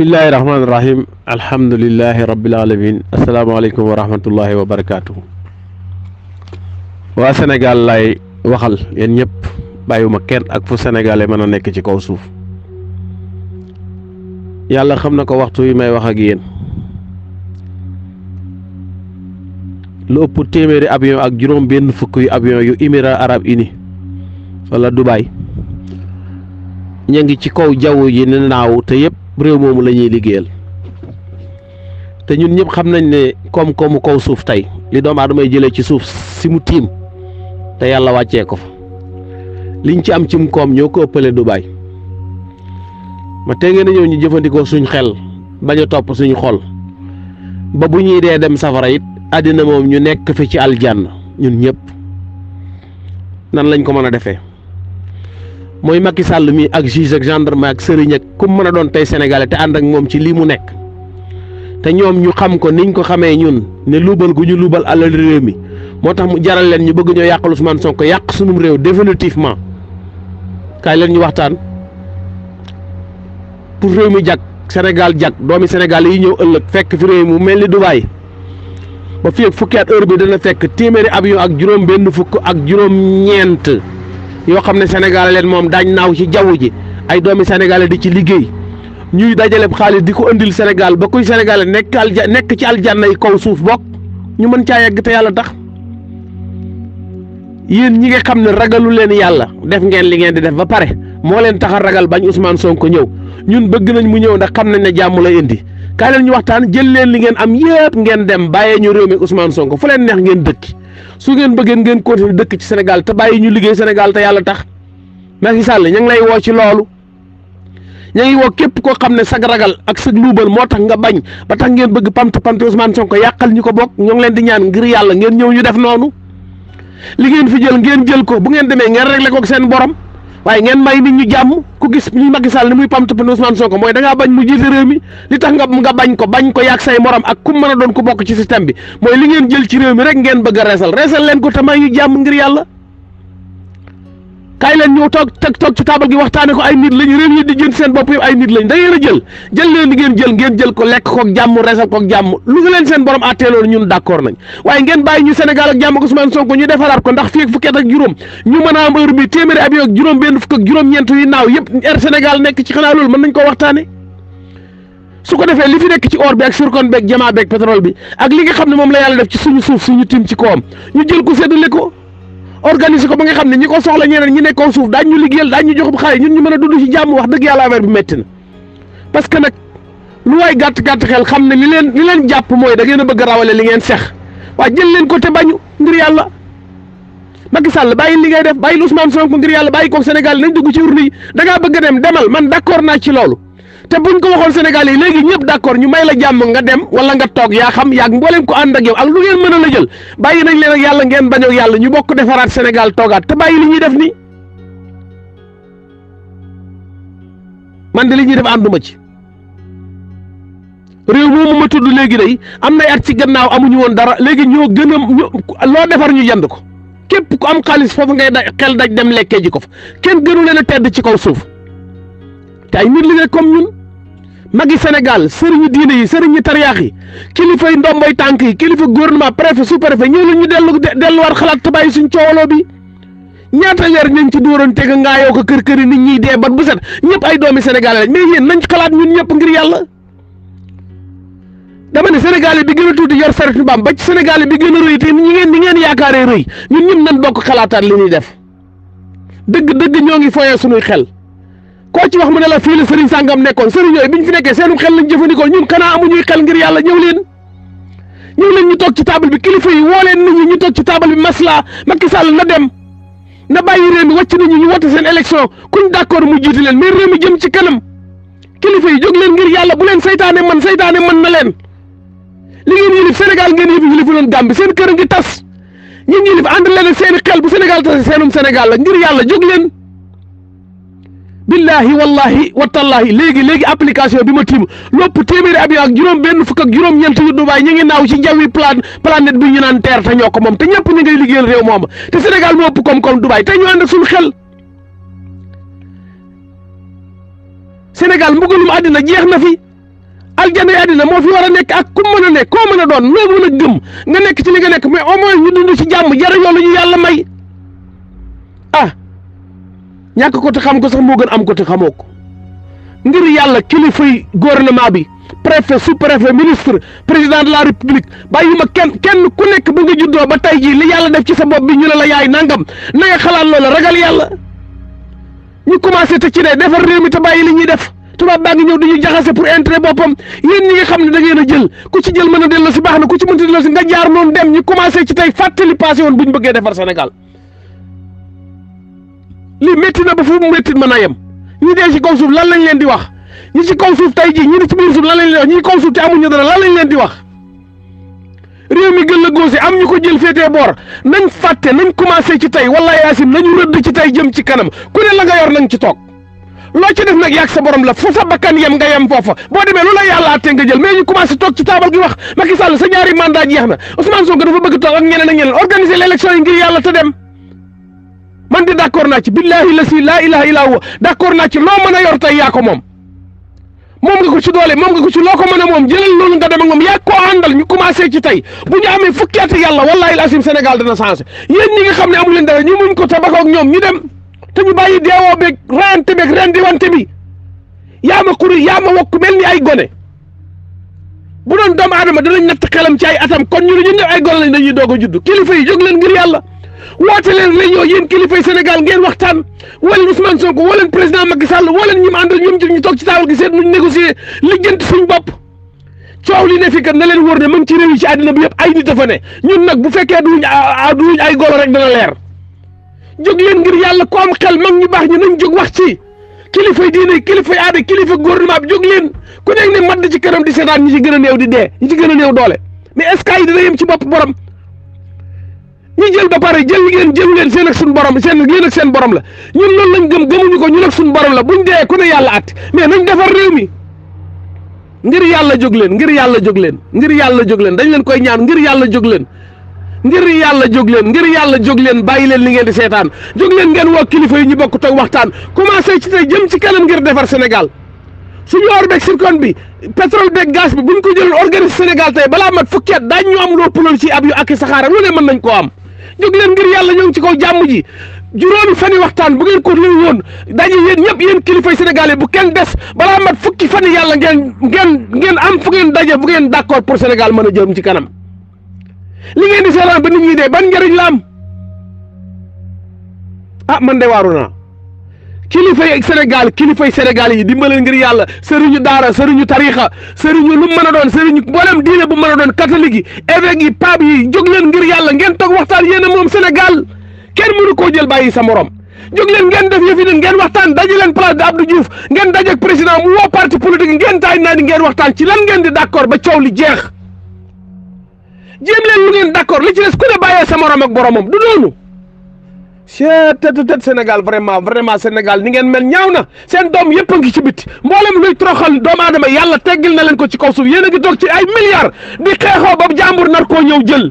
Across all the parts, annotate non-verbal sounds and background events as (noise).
bismillahi rahmaani rahim alhamdulilahi rabbil alamin asalaamaaleykum wa rahmatullahi wa barakaatu. waa Sénégal laay waxal yéen ñëpp bàyyiwuma kenn ak fu sénégalais mën a nekk ci kaw suuf yàlla xam na ko waxtu yi may wax ak yéen lu ëpp téeméeri avion ak juróom benn fukk yu avion yu Émirats arabes unis wala Dubaï ñu ngi ci kaw jaww ji naaw te yëpp réew moomu la ñuy liggéeyal te ñun ñëpp xam nañ ne koom-koomu kaw suuf tey li doom adamay yi jëlee ci suuf si mu tiim te yàlla wàccee ko fa liñ ci am cim koom ñoo ko ëppale Dubaay ma tey ngeen a ñu jëfandikoo suñ xel bañ a topp suñu xol ba bu ñuy dee dem safara it àddina moom ñu nekk fi ci aljanna ñun ñëpp nan lañ ko mën a defee. mooy Macky sàll mii ak juge ak gendarme ak sëriñ ak ku mën a doon tey sénégalais te ànd ak moom ci lii mu nekk te ñoom ñu xam ko niñ ko xamee ñun ne luubal gu ñu luubal alal réew mi moo tax mu jaral leen ñu bëgg ñoo yàqulu Ousmane Sonko yàq sunu réew définitivement kaay leen ñu waxtaan pour réew mi jag Sénégal jag doomi Sénégal yi ñëw ëllëg fekk fi réew mu mel ni Dubaay ba fii ak fukki at heure bi dana fekk téeméeri avion ak juróom benn fukk ak juróom ñeent yoo xam ne Sénégal leen moom daañ naaw ci jaww ji ay doomi Sénégal di ci liggéey ñuy dajale xaalis di ko indil Sénégal ba kuy Sénégal nekk alja nekk ci aljanna yi kaw suuf bokk ñu mën caa yegg te yàlla tax yéen ñi nga xam ne ragalu leen yàlla def ngeen li ngeen di def ba pare moo leen tax ragal bañ usmaan Sonko ñëw ñun bëgg nañ mu ñëw ndax xam nañ ne jàmm la indi kaay ñu waxtaan jël leen li ngeen am yépp ngeen dem bàyyee ñu réew mi Ousmane Sonko fu leen neex ngeen dëkk su ngeen bëggeen ngeen continuer dëkk ci Sénégal te bàyyi ñu liggéey Sénégal te yàlla tax Macky Sall ña ngi lay woo ci loolu ña ngi woo képp koo xam ne sag ragal ak sag luubal moo tax nga bañ ba tax ngeen bëgg pamte pamte Ousmane Sonko yàqal ñu ko bokk ñoo ngi leen di ñaan ngir yàlla ngeen ñëw ñu def noonu li ngeen fi jël ngeen jël ko bu ngeen demee ngeen réglé ko seen borom. waaye ngeen may nit ñu jàmm ku gis ñu Macky Sall ni muy pamtup ne Ousmane Sonko mooy da ngaa bañ mu jiite réew mi li tax nga nga bañ ko bañ ko yàgg say morom ak ku mën a doon ku bokk ci système bi mooy li ngeen jël ci réew mi rek ngeen bëgg a reesal reesal leen ko te may ñu jàmm ngir yàlla kaay leen ñëw toog teg toog ci taabal gi waxtaane ko ay nit lañ réew yi di jënd seen bopp yëpp ay nit lañ da ngeen jël jël leen li ngeen jël ngeen jël ko lekk kook jàmm resal kook jàmm lu nga leen seen borom àtteeloon ñun d'accord nañ waaye ngeen bàyyi ñu Sénégal ak jàmm ko Ousmane Sonko ñu defaraat ko ndax fii ak fukki at ak juróom ñu mën a am heure bi téeméeri avion ak juróom benn fukk ak juróom-ñeent yi naaw yëpp air Sénégal nekk ci xanaa loolu ko waxtaane li fi nekk ci or bi ak surcon beeg jamaa beeg pétrole ak li nga xam ne moom la yàlla def ci suñu suuf suñu tim ci kawam ñu jël ko séddale ko organiser ko ba nga xam ne ñi ko soxla ñeneen ñi nekkoon suuf daañu ñu liggéeyal daañu ñu jox bu xaalis ñun ñu mën a dund ci jàmm wax dëgg yàlla affaire bi métti na parce que nag lu waay gàtt gàtt xel xam ne li leen li leen jàpp mooy da ngeen a bëgg a rawale li ngeen sex waaye jël leen ko te bañu ngir yàlla Macky Sall bàyyi li ngay def bàyyi Ousmane Sonko ngir yàlla bàyyi ko Sénégal nañ dugg ci urne yi da bëgg a dem demal man d'accord naa ci loolu te buñ ko waxoon Sénégal yi léegi ñëpp d'accord ñu may la jàmm nga dem wala nga toog yaa xam yaag mbooleem ko ànd ak yow ak lu ngeen mën a la jël bàyyi nañ leen ak yàlla ngeen bañ yàlla ñu bokk defaraat Sénégal toogaat te bàyyi li ñuy def nii man de li ñuy def ànduma ci réew moomu ma tudd léegi day am nay at ci gannaaw amuñu woon dara léegi ñoo gën loo defar ñu jënd ko képp ku am xaalis foofu ngay da xel daj dem lekkee ji ko fa kenn gënu leen a tedd ci kaw suuf magi Sénégal sëriñu diine yi sëriñu tariyaax yi kilifay ndombay tànk yi kilifa gouvernement préfet su préfet ñëw la ñu dellu delluwaat xalaat tabaay suñ coowaloo bi ñaata yar ñañ ci dóoroon teg ngaa yoo ko kër kër yi nit ñiy dee bat bu set ñëpp ay doomi Sénégal lañ mais yéen nañ xalaat ñun ñëpp ngir yàlla dama ne Sénégal yi bi gën a tuuti yor saretu mbaam ba ci Sénégal yi bi gën a rëy te ñi ngeen ñi ngeen yaakaaree rëy ñun ñëpp nañ bokk xalaataat li ñuy def dëgg ñoo ngi foyee suñuy xel koo ci wax mu ne la fii la sëriñ sàngam nekkoon sëriñ yooyu biñ fi nekkee seenum xel lañ jëfandikoo ñun xanaa amuñuy xel ngir yàlla ñëw leen ñëw leen ñu toog ci table bi kilifa yi woo leen nit ñu toog ci taabal bi masla Macky Sall na dem na bàyyi réew mi wàcc nañu ñu wote seen élection kuñ d'accord mu jiiti leen mais réew mi jëm ci kanam kilifa yi jóg leen ngir yàlla bu leen saytaane man saytaane mën na leen li ngeen yilif Sénégal ngeen yilif yilifu doon Gàmbi seen kër ngi tas ñun yilif ànd leen seen xel bu Sénégal tas seenum Sénégal ngir yàlla jóg leen billahi wallahi watallahi léegi léegi application bi ma tiim lopp téeméeri avion ak juróom benn fukk ak juróom ñeent yu Dubaay ñu ngi naaw ci jawwi plan planète bi ñu naan terre te ñoo ko moom te ñëpp ñu ngay liggéeyal réew moom te Sénégal moo ëpp koom-koom Dubaay te ñu ànd ak suñu xel Sénégal mbugalum àddina jeex na fi aljana àddina moo fi war a nekk ak ku mën a nekk koo mën a doon loo mën gëm nga nekk ci li nga nekk mais au moins ñu dund ci jàmm jara yoon la ñu yàlla may ñàkk ko te xam ko sax moo gën am ko te xamoo ko ngir yàlla kilifay gouvernement bi préfet sous préfet ministre président de la république bàyyi ma kenn kenn ku nekk ba nga juddoo ba tey jii li yàlla def ci sa bopp bi ñu la la yaay nangam na nga xalaat loola ragal yàlla ñu commencé te ci ne defar réew mi te bàyyi li ñuy def tubaab baa ngi ñëw dañuy jaxase pour intérêt boppam yéen ñi nga xam ne da ngeen jël ku ci jël mën a delloo si baax na ku ci mënta delloo si nga commencé ci tey fàttali passé woon bu ñu bëggee defar Sénégal lii métti na ba fu mu métti mën yem ñi dee ci kaw suuf lan lañ leen di wax ñi ci kaw suuf tey jii ñi ne ci biir suuf lan lañ leen di wax ñi kaw suuf te amuñu dara lan lañ leen di wax réew mi gën la am ñu ko jël féetee boor nañ fàtte nañ commencé ci tey wala yaasin nañu rëdd ci tey jëm ci kanam ku ne la nga yor nañ ci toog loo ci def nag yàgg sa borom la fu sa bakkan yem nga yem foofa boo demee lu la yàlla àttee nga sa ñaari man di d' accord naa ci billahi la si laa ilaha illa huwa d' accord loo mën a yor tey yaa ko moom moom nga ko ci doole moom nga ko ci loo ko mën a moom jëlal loolu nga dem ak moom yaa koo àndal ñu commencé ci tey bu ñu amee fukki at yàlla wallahi lasim Sénégal dana changé yéen ñi nga xam ne amu leen dara ñu muñ ko te bakoog ñoom ñu dem te ñu bàyyi deewoo beeg rayante beeg ren di wante bi yaa ma kuri yaa ma wokk mel ni ay gone bu doon doomu aadama danañ natt xelam ci ay atam kon ñu ne ñu ay gone lañ dañuy doog a judd kilifa yi jóg leen ngir yàlla woote leen réunion yéen kilifay Sénégal ngeen waxtaan woo leen Ousmane Sonko woo leen président Macky Sall woo leen ñi mu àndal ñoom ñu toog ci taawal gi seet nuñ négocier lijjanti suñ bopp coow li ne fi kat na leen wóor ne mu ci réew yi ci àddina bi yëpp ay nit dafa ñun nag bu fekkee duñ ah, ah, duñ ay golo rek dana leer jóg leen ngir yàlla ko am xel mag ñu ñi nañ jóg wax ci kilifay diine kilifay aada kilifa gouvernement bi jóg leen ku nekk ne madd ci kanam di seetaan ñi ci gën a néew di dee ñi ci gën a néew doole mais est-ce que ay dina ci bopp borom ñu jël ba jël ngeen jël leen seen ak suñu borom seen yéen ak seen borom la ñun loolu lañ gëm gëmuñu ko ñun ak suñu borom la buñ dee ku yàlla at mais nañ defar réew mi ngir yàlla jóg leen ngir yàlla jóg leen ngir yàlla jóg leen dañ leen koy ñaan ngir yàlla jóg leen ngir yàlla jóg leen ngir yàlla jóg leen bàyyi leen li ngeen di seetaan jóg leen ngeen woo kilifa yi ñu bokk toog waxtaan commencé ci tey jëm ci kanam ngir defar Sénégal suñu or beeg circon bi pétrole beeg gaz bi buñ ko jëloon organise Sénégal tey balaa mat fukki at daañ ñu am loo pulol ci ab yu ak ne mën nañ koo am jóg leen ngir yàlla ñëw ci kaw jàmm ji juróomi fani waxtaan bu ngeen ko luy woon daje yéen ñëpp yéen kilifa sénégalais bu kenn des balaa mat fukki fani yàlla ngeen ngeen ngeen am fu ngeen daje bu ngeen d'accord pour Sénégal mën a jëm ci kanam li ngeen di seetaan ba ni ñi dee ban njëriñ la am ah man de waaru kilifa kilifay Sénégal kilifay Sénégal yi dimbalal ngir yàlla sëriñu daara sëriñu tarixa sëriñu lu mën a doon sëriñu mboolem diine bu mën a doon catholique yi évêque yi pape yi jóg leen ngir yàlla ngeen toog waxtaan yéen moom Sénégal kenn mënu koo jël yi sa morom jóg leen ngeen def yëfi neen ngeen waxtaan daje leen place de Abdou Diouf ngeen daje ak président woo parti politique ngeen taay naa ni ngeen waxtaan ci lan ngeen di d'accord ba coow li jeex jéem leen lu ngeen d'accord li ci des ku ne bàyyee sa morom ak boromam du cheetëtë tët Sénégal vraiment vraiment Sénégal ni ngeen mel ñaaw na seen doom yëpp a ngi ci biti mboolem luy troxal doomu aadama yàlla teggil na leen ko ci kaw suuf yéen ngi toog ci ay milliards di xeexoo ba jàmbur nar koo ñëw jël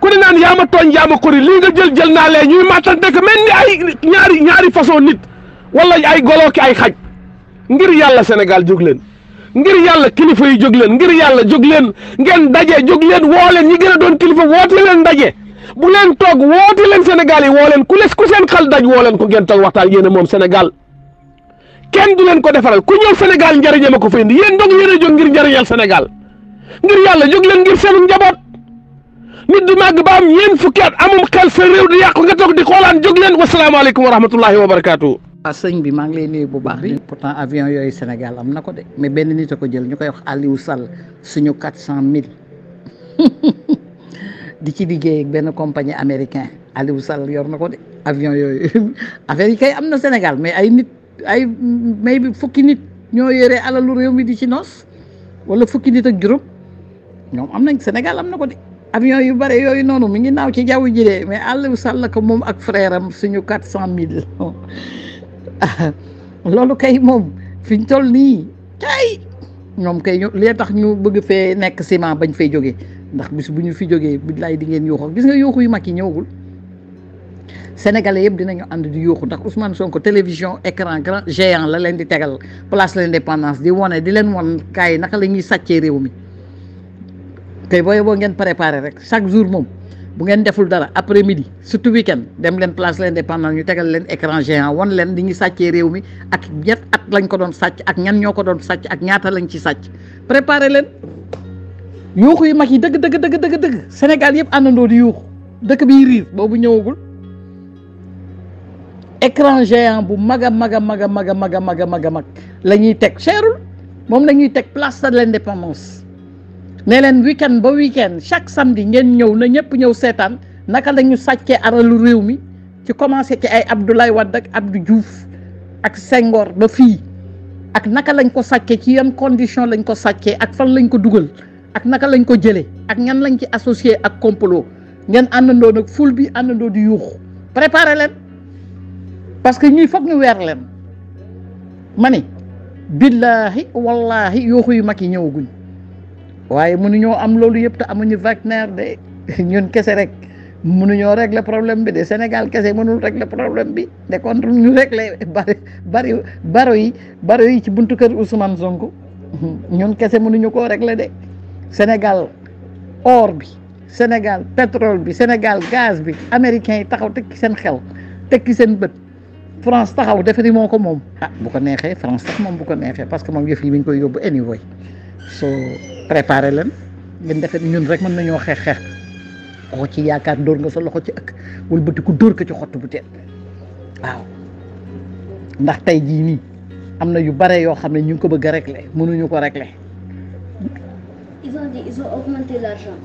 ku ne naan yaa ma tooñ yaa ma kori lii nga jël jël naa lee ñuy màttantek mel ni ay ñaari ñaari façon nit wala ay golo ay xaj ngir yàlla senegal jóg leen ngir yàlla kilifa yi jóg leen ngir yàlla jóg leen ngeen daje jóg leen woo leen ñi gën a doon kilifa woote leen daje bu leen toog woote leen Sénégal yi woo leen ku les ku seen xel daj woo leen ko ngeen toog waxtaan yéen moom Sénégal kenn du leen ko defaral ku ñëw Sénégal njëriñam a ko fa indi yéen dong yéen a jóg ngir njëriñal Sénégal ngir yàlla jóg leen ngir seenu njaboot nit du màgg ba am yéen fukki at amum xel seen réew di yàqu nga toog di xoolaan jóg leen wasalaamaaleykum wa rahmatullahi wa barakaatu. waaw ah, sëñ bi maa ngi lay nuyu bu baax. pourtant avion yooyu Sénégal am na ko de mais benn nit a ko jël ñu koy wax Aliou Sall suñu quatre cent mille (laughs) di ci liggéey benn compagnie américain Aliou Sall yor na ko de avion yooyu (laughs) affaire yi kay am na Sénégal mais ay nit ay may bi fukki nit ñoo yore alalu réew mi di ci noos wala fukki nit ak juróom ñoom am nañ Sénégal am na ko de avion yu bare yooyu noonu mu ngi naaw ci jaww ji de mais Aliou Sall ko moom ak frère am suñu quatre cent mille (laughs) loolu kay moom fi ñu toll nii kay ñoom kay li tax ñu bëgg fee nekk ciment bañ fay jógee. ndax bis bu ñu fi jógee lay di ngeen yuuxoo gis nga yuuxu yu mag yi ñëwagul sénégalais yëpp dinañu ànd di yuuxu ndax Ousmane Sonko télévision écran grand géant la leen di tegal place la l'indépendance di wone di leen won kaay naka la ñuy sàccee réew mi tey booy boo ngeen préparer rek chaque jour moom bu ngeen deful dara après midi surtout weekend dem leen place l'indépendance ñu tegal leen écran géant won leen di ñuy sàccee réew mi ak ñett at lañ ko doon sàcc ak ñan ñoo ko doon sàcc ak ñaata lañ ci sàcc yuuxu yi mag yi dëgg dëgg dëgg dëgg Sénégal yëpp àndandoo di yuuxu dëkk bi riir boobu ñëwagul écran géant bu mag a mag a mag a mag a mag a mag a mag a mag la ñuy teg cherul moom lañuy teg place de l'indépendance ne leen weekend ba weekend chaque samedi ngeen ñëw na ñëpp ñëw seetaan naka lañu ñu sàccee aralu réew mi ci commencé ci ay Abdoulaye Wade ak Abdou Diouf ak sengoor ba fii ak naka lañ ko sàccee ci yan condition lañ ko sàccee ak fan lañ ko dugal ak naka lañ ko jëlee ak ñan lañ ci associé ak complot ngeen àndandoo nag ful bi àndandoo di yuuxu prépare leen parce que ñuy foog ñu weer leen ma ni billaahi wallaahi yuuxu yu mag yi ñëwaguñ waaye mënuñoo am loolu yëpp te amuñu Wagner de (laughs) ñun kese rek mënuñoo régler problème bi de Sénégal kese mënul régler problème bi de contre ñu régler bari bari baro yi baro yi ci buntu kër Ousmane Sonko (laughs) ñun kese mënuñu koo régler de. Sénégal or bi Sénégal pétrole bi Sénégal gaz bi américains yi taxaw ki seen xel tekki seen bët France taxaw defe ni moo ko moom ah bu ko neexee France sax moom bu ko neexee parce que moom yëf yi mi ngi koy yóbbu anyway soo préparé leen ngeen defe ni ñun rek mën nañoo xeex xeex ko ci yaakaar dóor nga sa loxo ci ëkk wala bëti ku dóor ko ci xottu bu teel waaw ndax tey jii nii am na yu bare yoo xam ne ñu ngi ko bëgg a régler mënuñu ko le ils ont, dit, ils ont augmenté l'argent.